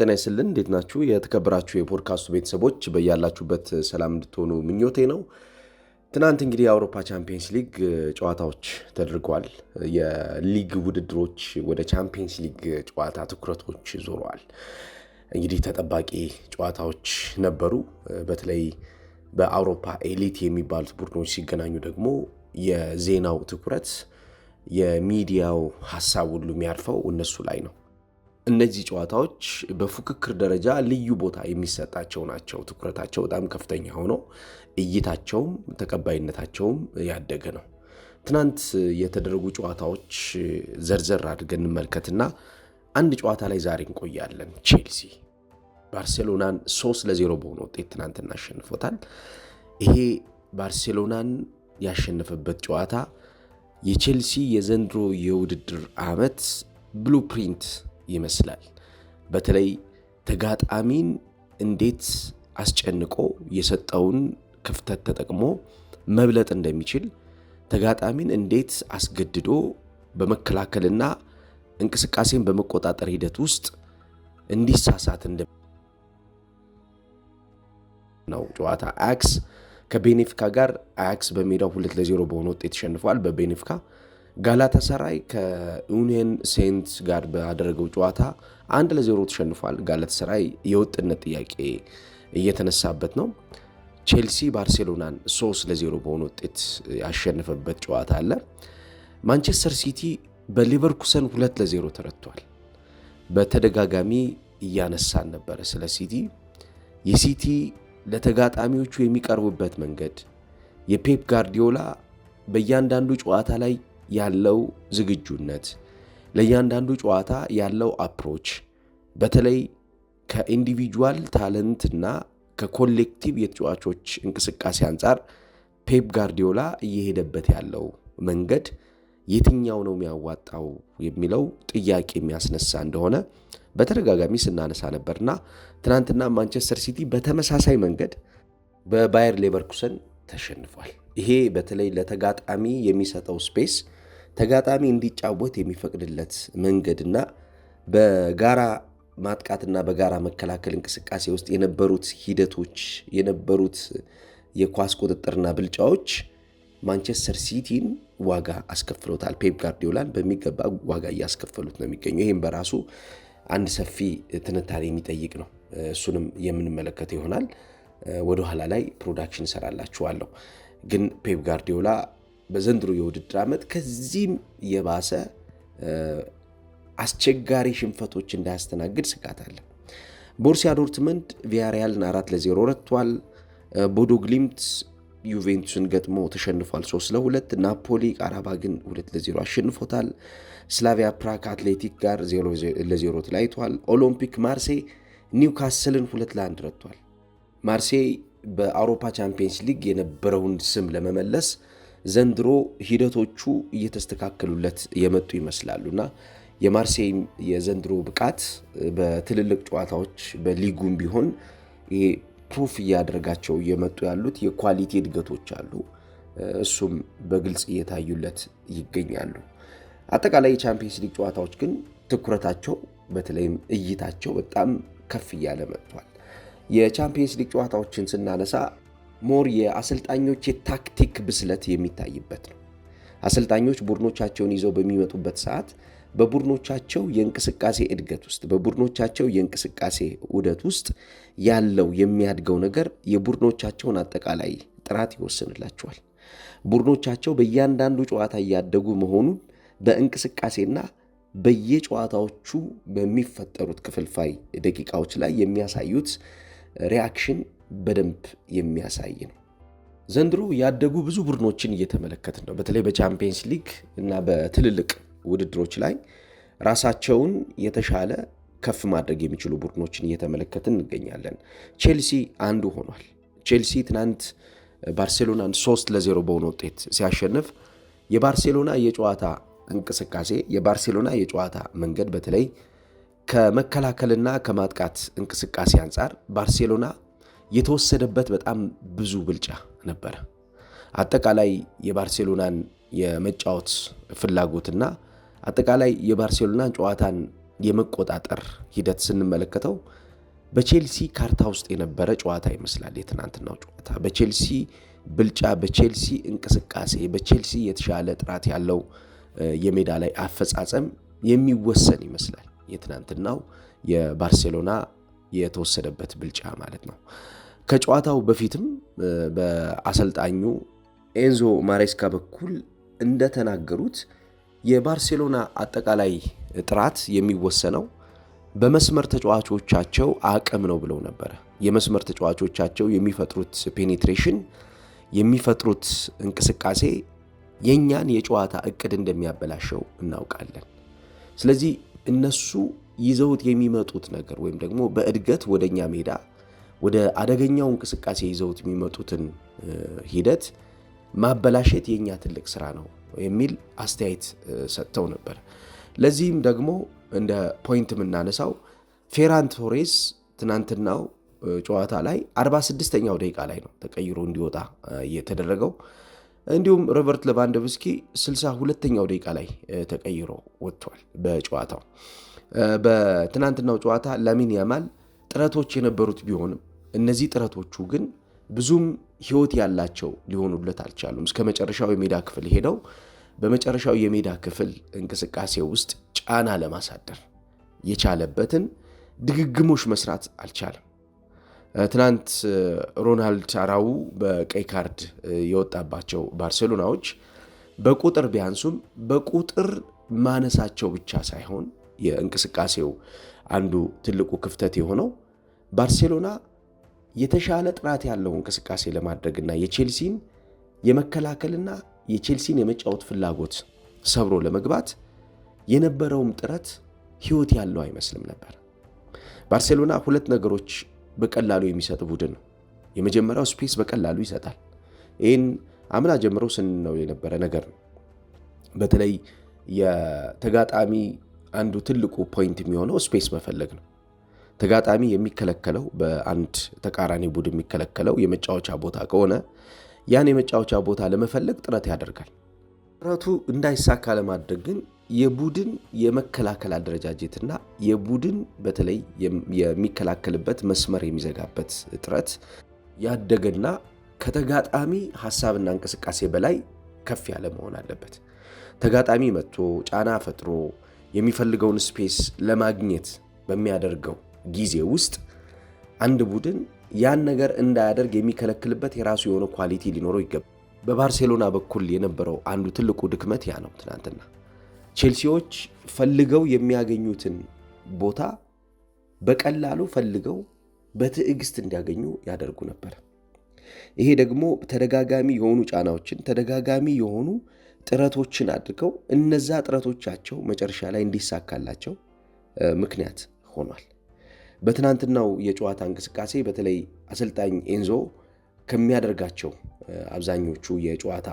ጤና ይስጥልን። እንዴት ናችሁ? የተከበራችሁ የፖድካስቱ ቤተሰቦች በያላችሁበት ሰላም እንድትሆኑ ምኞቴ ነው። ትናንት እንግዲህ የአውሮፓ ቻምፒየንስ ሊግ ጨዋታዎች ተደርገዋል። የሊግ ውድድሮች ወደ ቻምፒየንስ ሊግ ጨዋታ ትኩረቶች ዞረዋል። እንግዲህ ተጠባቂ ጨዋታዎች ነበሩ። በተለይ በአውሮፓ ኤሊት የሚባሉት ቡድኖች ሲገናኙ ደግሞ የዜናው ትኩረት፣ የሚዲያው ሀሳብ ሁሉ የሚያርፈው እነሱ ላይ ነው። እነዚህ ጨዋታዎች በፉክክር ደረጃ ልዩ ቦታ የሚሰጣቸው ናቸው። ትኩረታቸው በጣም ከፍተኛ ሆኖ እይታቸውም ተቀባይነታቸውም ያደገ ነው። ትናንት የተደረጉ ጨዋታዎች ዘርዘር አድርገን እንመልከትና አንድ ጨዋታ ላይ ዛሬ እንቆያለን። ቼልሲ ባርሴሎናን ሶስት ለዜሮ በሆነ ውጤት ትናንትና አሸንፎታል። ይሄ ባርሴሎናን ያሸነፈበት ጨዋታ የቼልሲ የዘንድሮ የውድድር ዓመት ብሉፕሪንት ይመስላል። በተለይ ተጋጣሚን እንዴት አስጨንቆ የሰጠውን ክፍተት ተጠቅሞ መብለጥ እንደሚችል ተጋጣሚን እንዴት አስገድዶ በመከላከልና እንቅስቃሴን በመቆጣጠር ሂደት ውስጥ እንዲሳሳት እንደ ነው ጨዋታ አያክስ ከቤኔፊካ ጋር አያክስ በሜዳው ሁለት ለዜሮ በሆነ ውጤት ተሸንፏል። በቤኔፊካ ሰራይ ከዩኒየን ሴንት ጋር ባደረገው ጨዋታ አንድ ለዜሮ ተሸንፏል። ሰራይ የወጥነት ጥያቄ እየተነሳበት ነው። ቼልሲ ባርሴሎናን ሶስት ለዜሮ በሆነ ውጤት ያሸነፈበት ጨዋታ አለ። ማንቸስተር ሲቲ በሊቨርኩሰን ሁለት ለዜሮ ተረቷል። በተደጋጋሚ እያነሳን ነበረ ስለ ሲቲ። የሲቲ ለተጋጣሚዎቹ የሚቀርቡበት መንገድ የፔፕ ጋርዲዮላ በእያንዳንዱ ጨዋታ ላይ ያለው ዝግጁነት፣ ለእያንዳንዱ ጨዋታ ያለው አፕሮች በተለይ ከኢንዲቪጁዋል ታለንትና ከኮሌክቲቭ የተጫዋቾች እንቅስቃሴ አንጻር ፔፕ ጋርዲዮላ እየሄደበት ያለው መንገድ የትኛው ነው የሚያዋጣው የሚለው ጥያቄ የሚያስነሳ እንደሆነ በተደጋጋሚ ስናነሳ ነበርና ትናንትና ማንቸስተር ሲቲ በተመሳሳይ መንገድ በባየር ሌቨርኩሰን ተሸንፏል። ይሄ በተለይ ለተጋጣሚ የሚሰጠው ስፔስ ተጋጣሚ እንዲጫወት የሚፈቅድለት መንገድና በጋራ ማጥቃትና በጋራ መከላከል እንቅስቃሴ ውስጥ የነበሩት ሂደቶች የነበሩት የኳስ ቁጥጥርና ብልጫዎች ማንቸስተር ሲቲን ዋጋ አስከፍሎታል። ፔፕ ጋርዲዮላን በሚገባ ዋጋ እያስከፈሉት ነው የሚገኙ። ይህም በራሱ አንድ ሰፊ ትንታኔ የሚጠይቅ ነው። እሱንም የምንመለከተው ይሆናል። ወደኋላ ላይ ፕሮዳክሽን እሰራላችኋለሁ። ግን ፔፕ ጋርዲዮላ በዘንድሮ የውድድር ዓመት ከዚህም የባሰ አስቸጋሪ ሽንፈቶች እንዳያስተናግድ ስጋት አለ። ቦርሲያ ዶርትመንድ ቪያሪያልን አራት ለዜሮ ረትቷል። ቦዶ ግሊምት ዩቬንቱስን ገጥሞ ተሸንፏል 3 ለ ለሁለት ናፖሊ ቃራባግን ለ0 አሸንፎታል። ስላቪያ ፕራክ አትሌቲክ ጋር ለ ለዜሮ ተለያይቷል። ኦሎምፒክ ማርሴይ ኒውካስልን ለ1 ረትቷል። ማርሴይ በአውሮፓ ቻምፒየንስ ሊግ የነበረውን ስም ለመመለስ ዘንድሮ ሂደቶቹ እየተስተካከሉለት የመጡ ይመስላሉና የማርሴይ የዘንድሮ ብቃት በትልልቅ ጨዋታዎች በሊጉም ቢሆን ይሄ ፕሩፍ እያደረጋቸው እየመጡ ያሉት የኳሊቲ እድገቶች አሉ። እሱም በግልጽ እየታዩለት ይገኛሉ። አጠቃላይ የቻምፒየንስ ሊግ ጨዋታዎች ግን ትኩረታቸው በተለይም እይታቸው በጣም ከፍ እያለ መጥቷል። የቻምፒየንስ ሊግ ጨዋታዎችን ስናነሳ ሞር የአሰልጣኞች የታክቲክ ብስለት የሚታይበት ነው። አሰልጣኞች ቡድኖቻቸውን ይዘው በሚመጡበት ሰዓት በቡድኖቻቸው የእንቅስቃሴ እድገት ውስጥ በቡድኖቻቸው የእንቅስቃሴ ውደት ውስጥ ያለው የሚያድገው ነገር የቡድኖቻቸውን አጠቃላይ ጥራት ይወስንላቸዋል። ቡድኖቻቸው በእያንዳንዱ ጨዋታ እያደጉ መሆኑን በእንቅስቃሴና በየጨዋታዎቹ በሚፈጠሩት ክፍልፋይ ደቂቃዎች ላይ የሚያሳዩት ሪያክሽን በደንብ የሚያሳይ ነው። ዘንድሮ ያደጉ ብዙ ቡድኖችን እየተመለከትን ነው። በተለይ በቻምፒየንስ ሊግ እና በትልልቅ ውድድሮች ላይ ራሳቸውን የተሻለ ከፍ ማድረግ የሚችሉ ቡድኖችን እየተመለከትን እንገኛለን። ቼልሲ አንዱ ሆኗል። ቼልሲ ትናንት ባርሴሎናን ሶስት ለዜሮ በሆነ ውጤት ሲያሸንፍ የባርሴሎና የጨዋታ እንቅስቃሴ የባርሴሎና የጨዋታ መንገድ በተለይ ከመከላከልና ከማጥቃት እንቅስቃሴ አንጻር ባርሴሎና የተወሰደበት በጣም ብዙ ብልጫ ነበረ። አጠቃላይ የባርሴሎናን የመጫወት ፍላጎትና አጠቃላይ የባርሴሎናን ጨዋታን የመቆጣጠር ሂደት ስንመለከተው በቼልሲ ካርታ ውስጥ የነበረ ጨዋታ ይመስላል። የትናንትናው ጨዋታ በቼልሲ ብልጫ፣ በቼልሲ እንቅስቃሴ፣ በቼልሲ የተሻለ ጥራት ያለው የሜዳ ላይ አፈጻጸም የሚወሰን ይመስላል የትናንትናው የባርሴሎና የተወሰደበት ብልጫ ማለት ነው። ከጨዋታው በፊትም በአሰልጣኙ ኤንዞ ማሬስካ በኩል እንደተናገሩት የባርሴሎና አጠቃላይ ጥራት የሚወሰነው በመስመር ተጫዋቾቻቸው አቅም ነው ብለው ነበረ። የመስመር ተጫዋቾቻቸው የሚፈጥሩት ፔኔትሬሽን፣ የሚፈጥሩት እንቅስቃሴ የእኛን የጨዋታ እቅድ እንደሚያበላሸው እናውቃለን። ስለዚህ እነሱ ይዘውት የሚመጡት ነገር ወይም ደግሞ በእድገት ወደኛ ሜዳ ወደ አደገኛው እንቅስቃሴ ይዘውት የሚመጡትን ሂደት ማበላሸት የእኛ ትልቅ ስራ ነው የሚል አስተያየት ሰጥተው ነበር። ለዚህም ደግሞ እንደ ፖይንት የምናነሳው ፌራን ቶሬስ ትናንትናው ጨዋታ ላይ 46ኛው ደቂቃ ላይ ነው ተቀይሮ እንዲወጣ የተደረገው። እንዲሁም ሮበርት ሌቫንዶቭስኪ 62ኛው ደቂቃ ላይ ተቀይሮ ወጥቷል። በጨዋታው በትናንትናው ጨዋታ ላሚን ያማል ጥረቶች የነበሩት ቢሆንም እነዚህ ጥረቶቹ ግን ብዙም ህይወት ያላቸው ሊሆኑለት አልቻሉም። እስከ መጨረሻው የሜዳ ክፍል ሄደው በመጨረሻው የሜዳ ክፍል እንቅስቃሴ ውስጥ ጫና ለማሳደር የቻለበትን ድግግሞች መስራት አልቻለም። ትናንት ሮናልድ አራው በቀይ ካርድ የወጣባቸው ባርሴሎናዎች በቁጥር ቢያንሱም በቁጥር ማነሳቸው ብቻ ሳይሆን የእንቅስቃሴው አንዱ ትልቁ ክፍተት የሆነው ባርሴሎና የተሻለ ጥራት ያለው እንቅስቃሴ ለማድረግና የቼልሲን የመከላከልና የቼልሲን የመጫወት ፍላጎት ሰብሮ ለመግባት የነበረውም ጥረት ሕይወት ያለው አይመስልም ነበር። ባርሴሎና ሁለት ነገሮች በቀላሉ የሚሰጥ ቡድን ነው። የመጀመሪያው ስፔስ በቀላሉ ይሰጣል። ይህን አምና ጀምሮ ስንነው የነበረ ነገር ነው። በተለይ የተጋጣሚ አንዱ ትልቁ ፖይንት የሚሆነው ስፔስ መፈለግ ነው። ተጋጣሚ የሚከለከለው በአንድ ተቃራኒ ቡድን የሚከለከለው የመጫወቻ ቦታ ከሆነ ያን የመጫወቻ ቦታ ለመፈለግ ጥረት ያደርጋል። ጥረቱ እንዳይሳካ ለማድረግ ግን የቡድን የመከላከል አደረጃጀትና የቡድን በተለይ የሚከላከልበት መስመር የሚዘጋበት ጥረት ያደገና ከተጋጣሚ ሀሳብና እንቅስቃሴ በላይ ከፍ ያለ መሆን አለበት። ተጋጣሚ መጥቶ ጫና ፈጥሮ የሚፈልገውን ስፔስ ለማግኘት በሚያደርገው ጊዜ ውስጥ አንድ ቡድን ያን ነገር እንዳያደርግ የሚከለክልበት የራሱ የሆነ ኳሊቲ ሊኖረው ይገባል። በባርሴሎና በኩል የነበረው አንዱ ትልቁ ድክመት ያ ነው። ትናንትና ቼልሲዎች ፈልገው የሚያገኙትን ቦታ በቀላሉ ፈልገው በትዕግስት እንዲያገኙ ያደርጉ ነበር። ይሄ ደግሞ ተደጋጋሚ የሆኑ ጫናዎችን፣ ተደጋጋሚ የሆኑ ጥረቶችን አድርገው እነዛ ጥረቶቻቸው መጨረሻ ላይ እንዲሳካላቸው ምክንያት ሆኗል። በትናንትናው የጨዋታ እንቅስቃሴ በተለይ አሰልጣኝ ኤንዞ ከሚያደርጋቸው አብዛኞቹ የጨዋታ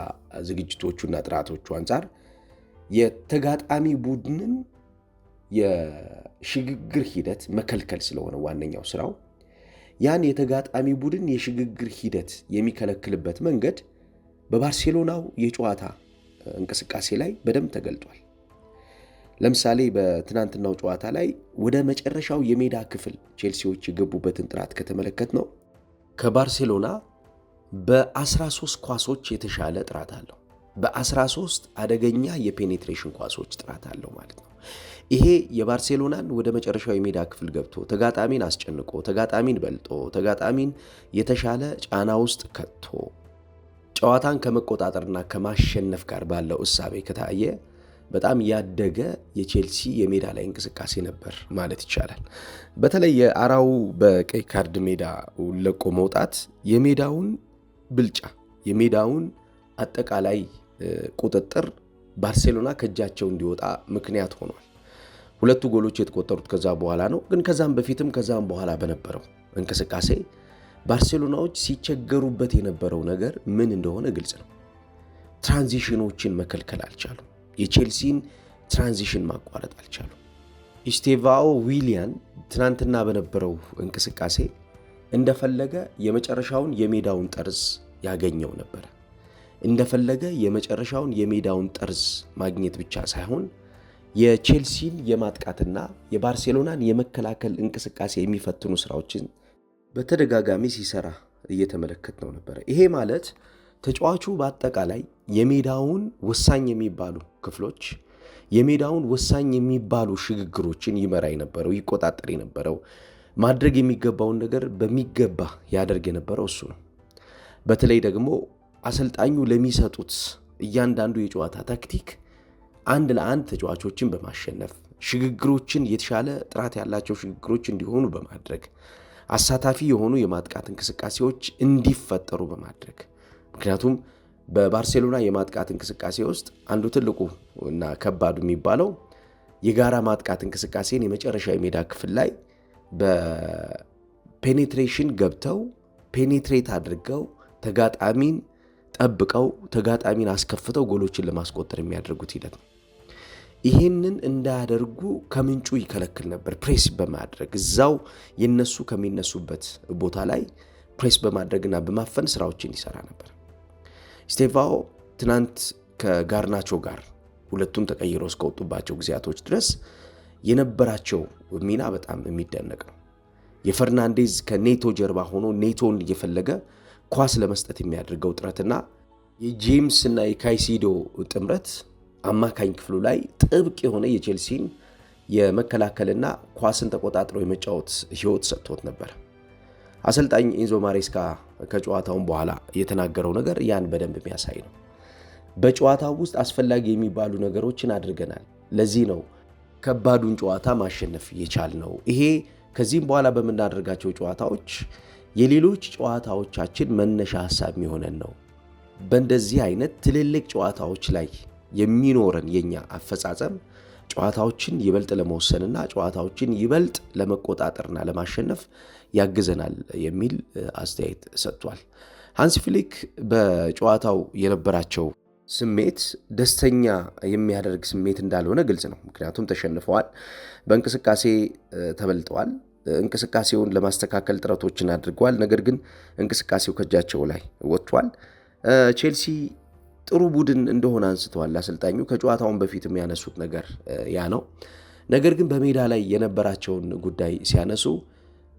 ዝግጅቶቹና ጥራቶቹ አንጻር የተጋጣሚ ቡድንን የሽግግር ሂደት መከልከል ስለሆነ ዋነኛው ስራው ያን የተጋጣሚ ቡድን የሽግግር ሂደት የሚከለክልበት መንገድ በባርሴሎናው የጨዋታ እንቅስቃሴ ላይ በደንብ ተገልጧል። ለምሳሌ በትናንትናው ጨዋታ ላይ ወደ መጨረሻው የሜዳ ክፍል ቼልሲዎች የገቡበትን ጥራት ከተመለከት ነው ከባርሴሎና በ13 ኳሶች የተሻለ ጥራት አለው። በ13 አደገኛ የፔኔትሬሽን ኳሶች ጥራት አለው ማለት ነው። ይሄ የባርሴሎናን ወደ መጨረሻው የሜዳ ክፍል ገብቶ ተጋጣሚን አስጨንቆ ተጋጣሚን በልጦ ተጋጣሚን የተሻለ ጫና ውስጥ ከቶ ጨዋታን ከመቆጣጠርና ከማሸነፍ ጋር ባለው እሳቤ ከታየ በጣም ያደገ የቼልሲ የሜዳ ላይ እንቅስቃሴ ነበር ማለት ይቻላል። በተለይ የአራው በቀይ ካርድ ሜዳ ለቆ መውጣት የሜዳውን ብልጫ የሜዳውን አጠቃላይ ቁጥጥር ባርሴሎና ከእጃቸው እንዲወጣ ምክንያት ሆኗል። ሁለቱ ጎሎች የተቆጠሩት ከዛ በኋላ ነው። ግን ከዛም በፊትም ከዛም በኋላ በነበረው እንቅስቃሴ ባርሴሎናዎች ሲቸገሩበት የነበረው ነገር ምን እንደሆነ ግልጽ ነው። ትራንዚሽኖችን መከልከል አልቻሉም። የቼልሲን ትራንዚሽን ማቋረጥ አልቻሉ። ኢስቴቫኦ ዊሊያን ትናንትና በነበረው እንቅስቃሴ እንደፈለገ የመጨረሻውን የሜዳውን ጠርዝ ያገኘው ነበረ። እንደፈለገ የመጨረሻውን የሜዳውን ጠርዝ ማግኘት ብቻ ሳይሆን የቼልሲን የማጥቃትና የባርሴሎናን የመከላከል እንቅስቃሴ የሚፈትኑ ስራዎችን በተደጋጋሚ ሲሰራ እየተመለከት ነው ነበረ። ይሄ ማለት ተጫዋቹ በአጠቃላይ የሜዳውን ወሳኝ የሚባሉ ክፍሎች የሜዳውን ወሳኝ የሚባሉ ሽግግሮችን ይመራ የነበረው ይቆጣጠር የነበረው ማድረግ የሚገባውን ነገር በሚገባ ያደርግ የነበረው እሱ ነው። በተለይ ደግሞ አሰልጣኙ ለሚሰጡት እያንዳንዱ የጨዋታ ታክቲክ አንድ ለአንድ ተጫዋቾችን በማሸነፍ ሽግግሮችን የተሻለ ጥራት ያላቸው ሽግግሮች እንዲሆኑ በማድረግ አሳታፊ የሆኑ የማጥቃት እንቅስቃሴዎች እንዲፈጠሩ በማድረግ ምክንያቱም በባርሴሎና የማጥቃት እንቅስቃሴ ውስጥ አንዱ ትልቁ እና ከባዱ የሚባለው የጋራ ማጥቃት እንቅስቃሴን የመጨረሻ የሜዳ ክፍል ላይ በፔኔትሬሽን ገብተው ፔኔትሬት አድርገው ተጋጣሚን ጠብቀው ተጋጣሚን አስከፍተው ጎሎችን ለማስቆጠር የሚያደርጉት ሂደት ነው። ይህንን እንዳያደርጉ ከምንጩ ይከለክል ነበር። ፕሬስ በማድረግ እዛው የነሱ ከሚነሱበት ቦታ ላይ ፕሬስ በማድረግና በማፈን ስራዎችን ይሰራ ነበር። ስቴቫኦ ትናንት ከጋርናቾ ጋር ሁለቱም ተቀይረው እስከወጡባቸው ጊዜያቶች ድረስ የነበራቸው ሚና በጣም የሚደነቅ ነው። የፈርናንዴዝ ከኔቶ ጀርባ ሆኖ ኔቶን እየፈለገ ኳስ ለመስጠት የሚያደርገው ጥረትና የጄምስ እና የካይሲዶ ጥምረት አማካኝ ክፍሉ ላይ ጥብቅ የሆነ የቼልሲን የመከላከልና ኳስን ተቆጣጥሮ የመጫወት ህይወት ሰጥቶት ነበር። አሰልጣኝ ኢንዞ ማሬስካ ከጨዋታውን በኋላ የተናገረው ነገር ያን በደንብ የሚያሳይ ነው። በጨዋታው ውስጥ አስፈላጊ የሚባሉ ነገሮችን አድርገናል። ለዚህ ነው ከባዱን ጨዋታ ማሸነፍ የቻል ነው። ይሄ ከዚህም በኋላ በምናደርጋቸው ጨዋታዎች የሌሎች ጨዋታዎቻችን መነሻ ሀሳብ የሚሆነን ነው። በእንደዚህ አይነት ትልልቅ ጨዋታዎች ላይ የሚኖረን የኛ አፈጻጸም ጨዋታዎችን ይበልጥ ለመወሰንና ጨዋታዎችን ይበልጥ ለመቆጣጠርና ለማሸነፍ ያግዘናል የሚል አስተያየት ሰጥቷል። ሃንሲ ፍሊክ በጨዋታው የነበራቸው ስሜት ደስተኛ የሚያደርግ ስሜት እንዳልሆነ ግልጽ ነው። ምክንያቱም ተሸንፈዋል፣ በእንቅስቃሴ ተበልጠዋል። እንቅስቃሴውን ለማስተካከል ጥረቶችን አድርገዋል። ነገር ግን እንቅስቃሴው ከእጃቸው ላይ ወጥቷል። ቼልሲ ጥሩ ቡድን እንደሆነ አንስተዋል አሰልጣኙ። ከጨዋታውን በፊት የሚያነሱት ነገር ያ ነው። ነገር ግን በሜዳ ላይ የነበራቸውን ጉዳይ ሲያነሱ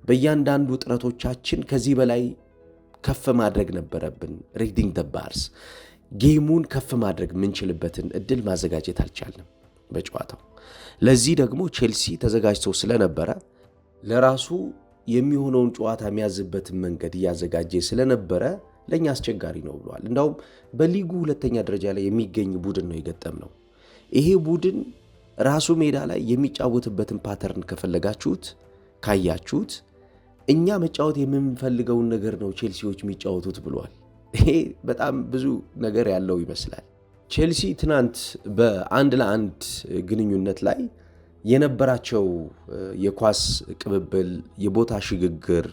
በእያንዳንዱ ጥረቶቻችን ከዚህ በላይ ከፍ ማድረግ ነበረብን። ሪዲንግ ደ ባርስ ጌሙን ከፍ ማድረግ የምንችልበትን እድል ማዘጋጀት አልቻለም በጨዋታው። ለዚህ ደግሞ ቼልሲ ተዘጋጅቶ ስለነበረ ለራሱ የሚሆነውን ጨዋታ የሚያዝበትን መንገድ እያዘጋጀ ስለነበረ ለእኛ አስቸጋሪ ነው ብለዋል። እንዳውም በሊጉ ሁለተኛ ደረጃ ላይ የሚገኝ ቡድን ነው የገጠም ነው። ይሄ ቡድን ራሱ ሜዳ ላይ የሚጫወትበትን ፓተርን ከፈለጋችሁት ካያችሁት እኛ መጫወት የምንፈልገውን ነገር ነው ቼልሲዎች የሚጫወቱት ብሏል። ይሄ በጣም ብዙ ነገር ያለው ይመስላል። ቼልሲ ትናንት በአንድ ለአንድ ግንኙነት ላይ የነበራቸው የኳስ ቅብብል፣ የቦታ ሽግግር፣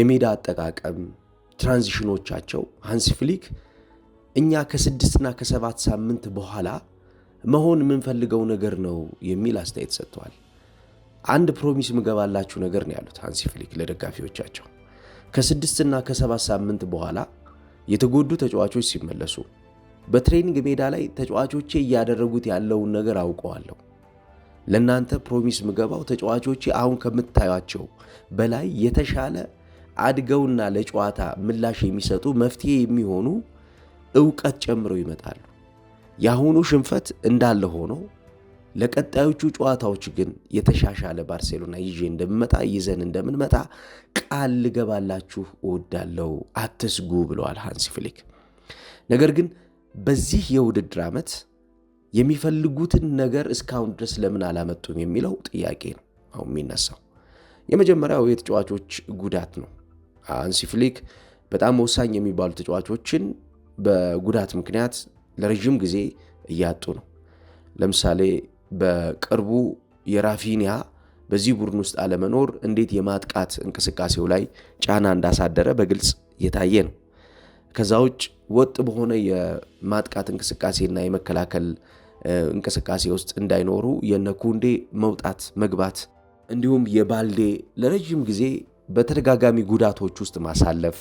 የሜዳ አጠቃቀም፣ ትራንዚሽኖቻቸው ሃንሲ ፍሊክ እኛ ከስድስትና ከሰባት ሳምንት በኋላ መሆን የምንፈልገው ነገር ነው የሚል አስተያየት ሰጥተዋል። አንድ ፕሮሚስ ምገባላችሁ ነገር ነው ያሉት ሃንሲ ፍሊክ ለደጋፊዎቻቸው። ከስድስትና ከሰባት ሳምንት በኋላ የተጎዱ ተጫዋቾች ሲመለሱ በትሬኒንግ ሜዳ ላይ ተጫዋቾቼ እያደረጉት ያለውን ነገር አውቀዋለሁ። ለእናንተ ፕሮሚስ ምገባው ተጫዋቾቼ አሁን ከምታዩቸው በላይ የተሻለ አድገውና ለጨዋታ ምላሽ የሚሰጡ መፍትሄ የሚሆኑ እውቀት ጨምረው ይመጣሉ። የአሁኑ ሽንፈት እንዳለ ሆኖ ለቀጣዮቹ ጨዋታዎች ግን የተሻሻለ ባርሴሎና ይዤ እንደምመጣ ይዘን እንደምንመጣ ቃል ልገባላችሁ እወዳለሁ፣ አትስጉ ብለዋል ሃንሲ ፍሊክ። ነገር ግን በዚህ የውድድር ዓመት የሚፈልጉትን ነገር እስካሁን ድረስ ለምን አላመጡም የሚለው ጥያቄ ነው አሁን የሚነሳው። የመጀመሪያው የተጫዋቾች ጉዳት ነው። ሃንሲ ፍሊክ በጣም ወሳኝ የሚባሉ ተጫዋቾችን በጉዳት ምክንያት ለረዥም ጊዜ እያጡ ነው። ለምሳሌ በቅርቡ የራፊኒያ በዚህ ቡድን ውስጥ አለመኖር እንዴት የማጥቃት እንቅስቃሴው ላይ ጫና እንዳሳደረ በግልጽ የታየ ነው። ከዛ ውጭ ወጥ በሆነ የማጥቃት እንቅስቃሴና የመከላከል እንቅስቃሴ ውስጥ እንዳይኖሩ የነኩንዴ መውጣት መግባት፣ እንዲሁም የባልዴ ለረዥም ጊዜ በተደጋጋሚ ጉዳቶች ውስጥ ማሳለፍ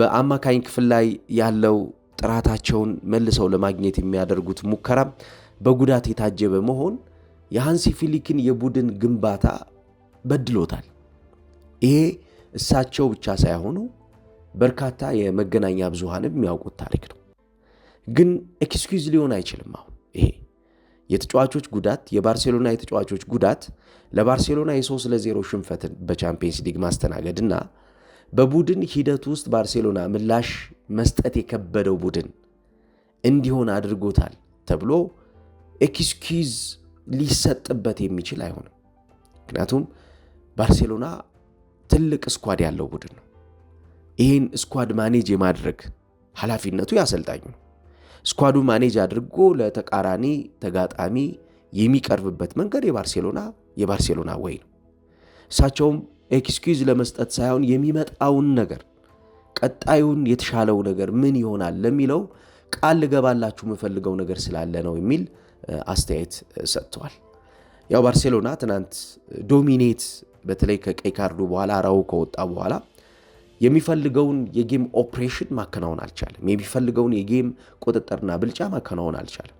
በአማካኝ ክፍል ላይ ያለው ጥራታቸውን መልሰው ለማግኘት የሚያደርጉት ሙከራ በጉዳት የታጀበ መሆን የሃንሲ ፊሊክን የቡድን ግንባታ በድሎታል። ይሄ እሳቸው ብቻ ሳይሆኑ በርካታ የመገናኛ ብዙሃን የሚያውቁት ታሪክ ነው። ግን ኤክስኪውዝ ሊሆን አይችልም። አሁን ይሄ የተጫዋቾች ጉዳት የባርሴሎና የተጫዋቾች ጉዳት ለባርሴሎና የ3 ለ0 ሽንፈትን በቻምፒየንስ ሊግ ማስተናገድና በቡድን ሂደት ውስጥ ባርሴሎና ምላሽ መስጠት የከበደው ቡድን እንዲሆን አድርጎታል ተብሎ ኤክስኪዝ ሊሰጥበት የሚችል አይሆንም። ምክንያቱም ባርሴሎና ትልቅ ስኳድ ያለው ቡድን ነው። ይህን ስኳድ ማኔጅ የማድረግ ኃላፊነቱ ያሰልጣኙ ነው። ስኳዱ ማኔጅ አድርጎ ለተቃራኒ ተጋጣሚ የሚቀርብበት መንገድ የባርሴሎና የባርሴሎና ወይ ነው። እሳቸውም ኤክስኪዝ ለመስጠት ሳይሆን የሚመጣውን ነገር ቀጣዩን የተሻለው ነገር ምን ይሆናል ለሚለው ቃል ልገባላችሁ የምፈልገው ነገር ስላለ ነው የሚል አስተያየት ሰጥተዋል። ያው ባርሴሎና ትናንት ዶሚኔት በተለይ ከቀይ ካርዱ በኋላ ራው ከወጣ በኋላ የሚፈልገውን የጌም ኦፕሬሽን ማከናወን አልቻለም። የሚፈልገውን የጌም ቁጥጥርና ብልጫ ማከናወን አልቻለም።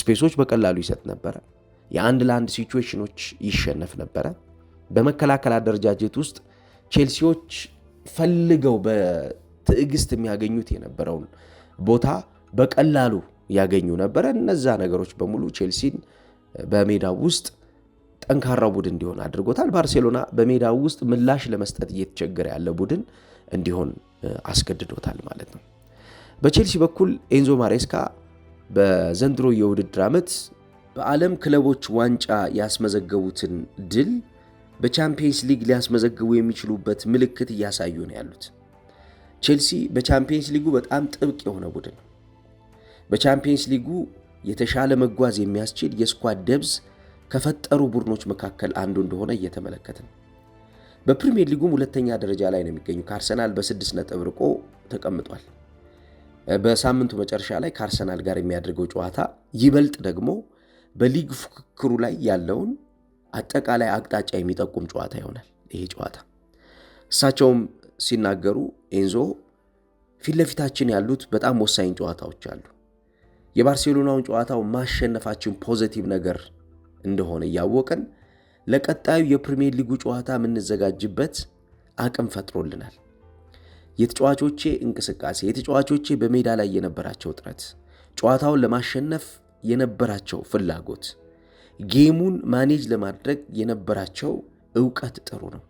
ስፔሶች በቀላሉ ይሰጥ ነበረ። የአንድ ለአንድ ሲቹዌሽኖች ይሸነፍ ነበረ። በመከላከል አደረጃጀት ውስጥ ቼልሲዎች ፈልገው በትዕግስት የሚያገኙት የነበረውን ቦታ በቀላሉ ያገኙ ነበረ። እነዛ ነገሮች በሙሉ ቼልሲን በሜዳው ውስጥ ጠንካራ ቡድን እንዲሆን አድርጎታል። ባርሴሎና በሜዳው ውስጥ ምላሽ ለመስጠት እየተቸገረ ያለ ቡድን እንዲሆን አስገድዶታል ማለት ነው። በቼልሲ በኩል ኤንዞ ማሬስካ በዘንድሮ የውድድር ዓመት በዓለም ክለቦች ዋንጫ ያስመዘገቡትን ድል በቻምፒየንስ ሊግ ሊያስመዘግቡ የሚችሉበት ምልክት እያሳዩ ነው ያሉት። ቼልሲ በቻምፒየንስ ሊጉ በጣም ጥብቅ የሆነ ቡድን ነው። በቻምፒየንስ ሊጉ የተሻለ መጓዝ የሚያስችል የስኳድ ደብዝ ከፈጠሩ ቡድኖች መካከል አንዱ እንደሆነ እየተመለከት ነው። በፕሪሚየር ሊጉም ሁለተኛ ደረጃ ላይ ነው የሚገኙ ከአርሰናል በስድስት ነጥብ ርቆ ተቀምጧል። በሳምንቱ መጨረሻ ላይ ከአርሰናል ጋር የሚያደርገው ጨዋታ ይበልጥ ደግሞ በሊግ ፉክክሩ ላይ ያለውን አጠቃላይ አቅጣጫ የሚጠቁም ጨዋታ ይሆናል ይሄ ጨዋታ። እሳቸውም ሲናገሩ ኤንዞ ፊት ለፊታችን ያሉት በጣም ወሳኝ ጨዋታዎች አሉ። የባርሴሎናውን ጨዋታው ማሸነፋችን ፖዘቲቭ ነገር እንደሆነ እያወቀን ለቀጣዩ የፕሪሚየር ሊጉ ጨዋታ የምንዘጋጅበት አቅም ፈጥሮልናል። የተጫዋቾቼ እንቅስቃሴ፣ የተጫዋቾቼ በሜዳ ላይ የነበራቸው ጥረት፣ ጨዋታውን ለማሸነፍ የነበራቸው ፍላጎት፣ ጌሙን ማኔጅ ለማድረግ የነበራቸው እውቀት ጥሩ ነው።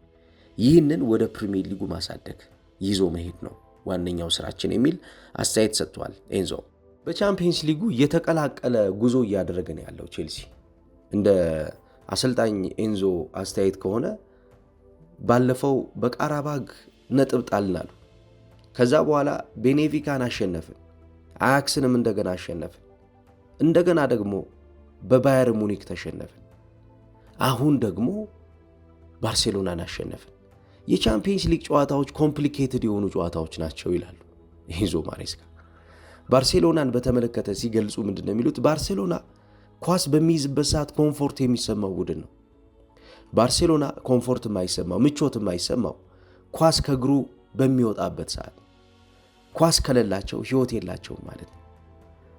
ይህንን ወደ ፕሪሚየር ሊጉ ማሳደግ ይዞ መሄድ ነው ዋነኛው ስራችን የሚል አስተያየት ሰጥቷል ኤንዞ። በቻምፒየንስ ሊጉ የተቀላቀለ ጉዞ እያደረገ ነው ያለው ቼልሲ። እንደ አሰልጣኝ ኤንዞ አስተያየት ከሆነ ባለፈው በቃራባግ ነጥብ ጣልን አሉ። ከዛ በኋላ ቤኔቪካን አሸነፍን፣ አያክስንም እንደገና አሸነፍን፣ እንደገና ደግሞ በባየር ሙኒክ ተሸነፍን፣ አሁን ደግሞ ባርሴሎናን አሸነፍን። የቻምፒየንስ ሊግ ጨዋታዎች ኮምፕሊኬትድ የሆኑ ጨዋታዎች ናቸው ይላሉ ኢንዞ ማሬስካ። ባርሴሎናን በተመለከተ ሲገልጹ ምንድን ነው የሚሉት? ባርሴሎና ኳስ በሚይዝበት ሰዓት ኮምፎርት የሚሰማው ቡድን ነው። ባርሴሎና ኮምፎርት የማይሰማው ምቾት የማይሰማው ኳስ ከእግሩ በሚወጣበት ሰዓት፣ ኳስ ከሌላቸው ህይወት የላቸውም ማለት ነው።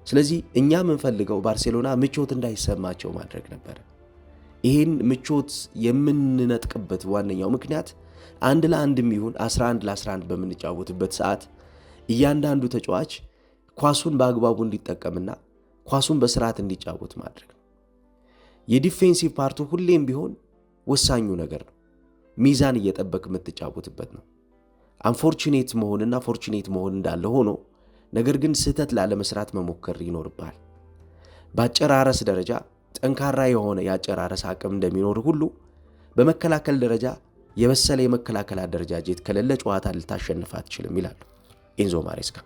ስለዚህ እኛ የምንፈልገው ባርሴሎና ምቾት እንዳይሰማቸው ማድረግ ነበር። ይህን ምቾት የምንነጥቅበት ዋነኛው ምክንያት አንድ ለአንድ የሚሆን 11 ለ11 በምንጫወትበት ሰዓት እያንዳንዱ ተጫዋች ኳሱን በአግባቡ እንዲጠቀምና ኳሱን በስርዓት እንዲጫወት ማድረግ ነው። የዲፌንሲቭ ፓርቱ ሁሌም ቢሆን ወሳኙ ነገር ነው። ሚዛን እየጠበቅ የምትጫወትበት ነው። አንፎርቹኔት መሆንና ፎርቹኔት መሆን እንዳለ ሆኖ ነገር ግን ስህተት ላለመስራት መሞከር ይኖርብሃል። በአጨራረስ ደረጃ ጠንካራ የሆነ የአጨራረስ አቅም እንደሚኖር ሁሉ በመከላከል ደረጃ የበሰለ የመከላከል አደረጃጀት ከሌለ ጨዋታ ልታሸንፍ አትችልም ይላሉ ኢንዞ ማሬስካ።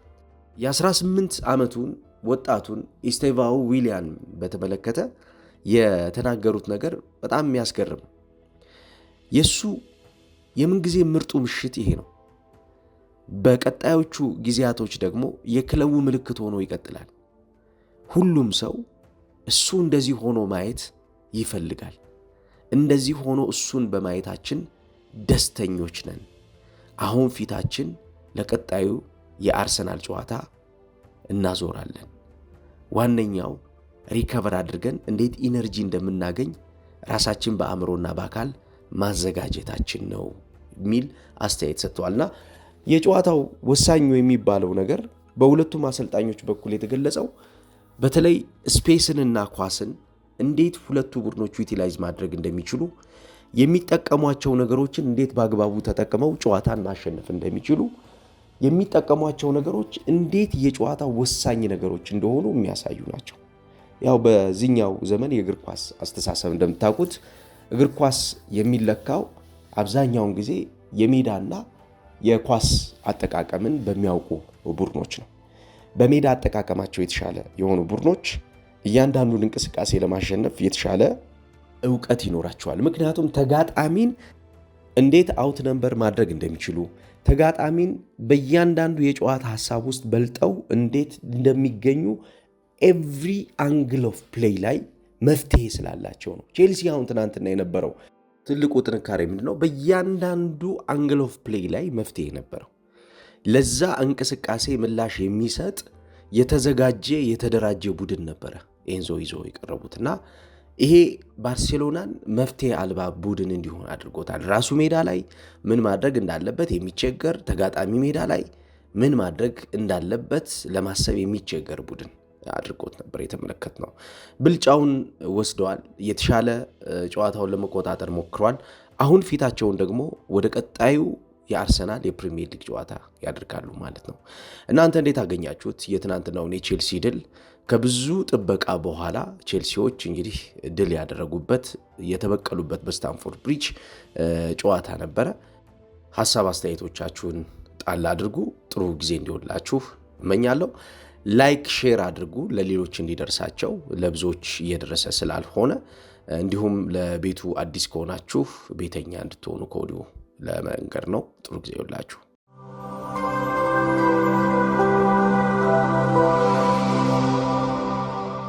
የ18 ዓመቱን ወጣቱን ኢስቴቫው ዊሊያን በተመለከተ የተናገሩት ነገር በጣም የሚያስገርም የእሱ የምንጊዜ ምርጡ ምሽት ይሄ ነው። በቀጣዮቹ ጊዜያቶች ደግሞ የክለቡ ምልክት ሆኖ ይቀጥላል። ሁሉም ሰው እሱ እንደዚህ ሆኖ ማየት ይፈልጋል። እንደዚህ ሆኖ እሱን በማየታችን ደስተኞች ነን። አሁን ፊታችን ለቀጣዩ የአርሰናል ጨዋታ እናዞራለን። ዋነኛው ሪከቨር አድርገን እንዴት ኢነርጂ እንደምናገኝ ራሳችን በአእምሮና በአካል ማዘጋጀታችን ነው የሚል አስተያየት ሰጥተዋልና የጨዋታው ወሳኙ የሚባለው ነገር በሁለቱም አሰልጣኞች በኩል የተገለጸው በተለይ ስፔስንና ኳስን እንዴት ሁለቱ ቡድኖች ዩቲላይዝ ማድረግ እንደሚችሉ የሚጠቀሟቸው ነገሮችን እንዴት በአግባቡ ተጠቅመው ጨዋታን ማሸነፍ እንደሚችሉ የሚጠቀሟቸው ነገሮች እንዴት የጨዋታ ወሳኝ ነገሮች እንደሆኑ የሚያሳዩ ናቸው። ያው በዚህኛው ዘመን የእግር ኳስ አስተሳሰብ እንደምታውቁት እግር ኳስ የሚለካው አብዛኛውን ጊዜ የሜዳና የኳስ አጠቃቀምን በሚያውቁ ቡድኖች ነው። በሜዳ አጠቃቀማቸው የተሻለ የሆኑ ቡድኖች እያንዳንዱን እንቅስቃሴ ለማሸነፍ የተሻለ እውቀት ይኖራቸዋል። ምክንያቱም ተጋጣሚን እንዴት አውት ነምበር ማድረግ እንደሚችሉ ተጋጣሚን በእያንዳንዱ የጨዋታ ሀሳብ ውስጥ በልጠው እንዴት እንደሚገኙ ኤቭሪ አንግል ኦፍ ፕሌይ ላይ መፍትሄ ስላላቸው ነው። ቼልሲ አሁን ትናንትና የነበረው ትልቁ ጥንካሬ ምንድን ነው? በእያንዳንዱ አንግል ኦፍ ፕሌይ ላይ መፍትሄ ነበረው። ለዛ እንቅስቃሴ ምላሽ የሚሰጥ የተዘጋጀ የተደራጀ ቡድን ነበረ ኤንዞ ይዞ የቀረቡትና ይሄ ባርሴሎናን መፍትሄ አልባ ቡድን እንዲሆን አድርጎታል። ራሱ ሜዳ ላይ ምን ማድረግ እንዳለበት የሚቸገር ተጋጣሚ ሜዳ ላይ ምን ማድረግ እንዳለበት ለማሰብ የሚቸገር ቡድን አድርጎት ነበር የተመለከት ነው። ብልጫውን ወስደዋል። የተሻለ ጨዋታውን ለመቆጣጠር ሞክሯል። አሁን ፊታቸውን ደግሞ ወደ ቀጣዩ የአርሰናል የፕሪሚየር ሊግ ጨዋታ ያደርጋሉ ማለት ነው። እናንተ እንዴት አገኛችሁት የትናንትናውን የቼልሲ ድል? ከብዙ ጥበቃ በኋላ ቼልሲዎች እንግዲህ ድል ያደረጉበት የተበቀሉበት በስታንፎርድ ብሪጅ ጨዋታ ነበረ። ሀሳብ አስተያየቶቻችሁን ጣል አድርጉ። ጥሩ ጊዜ እንዲሆንላችሁ እመኛለሁ። ላይክ ሼር አድርጉ ለሌሎች እንዲደርሳቸው ለብዙዎች እየደረሰ ስላልሆነ፣ እንዲሁም ለቤቱ አዲስ ከሆናችሁ ቤተኛ እንድትሆኑ ከወዲሁ ለመንገድ ነው። ጥሩ ጊዜ ይሁንላችሁ።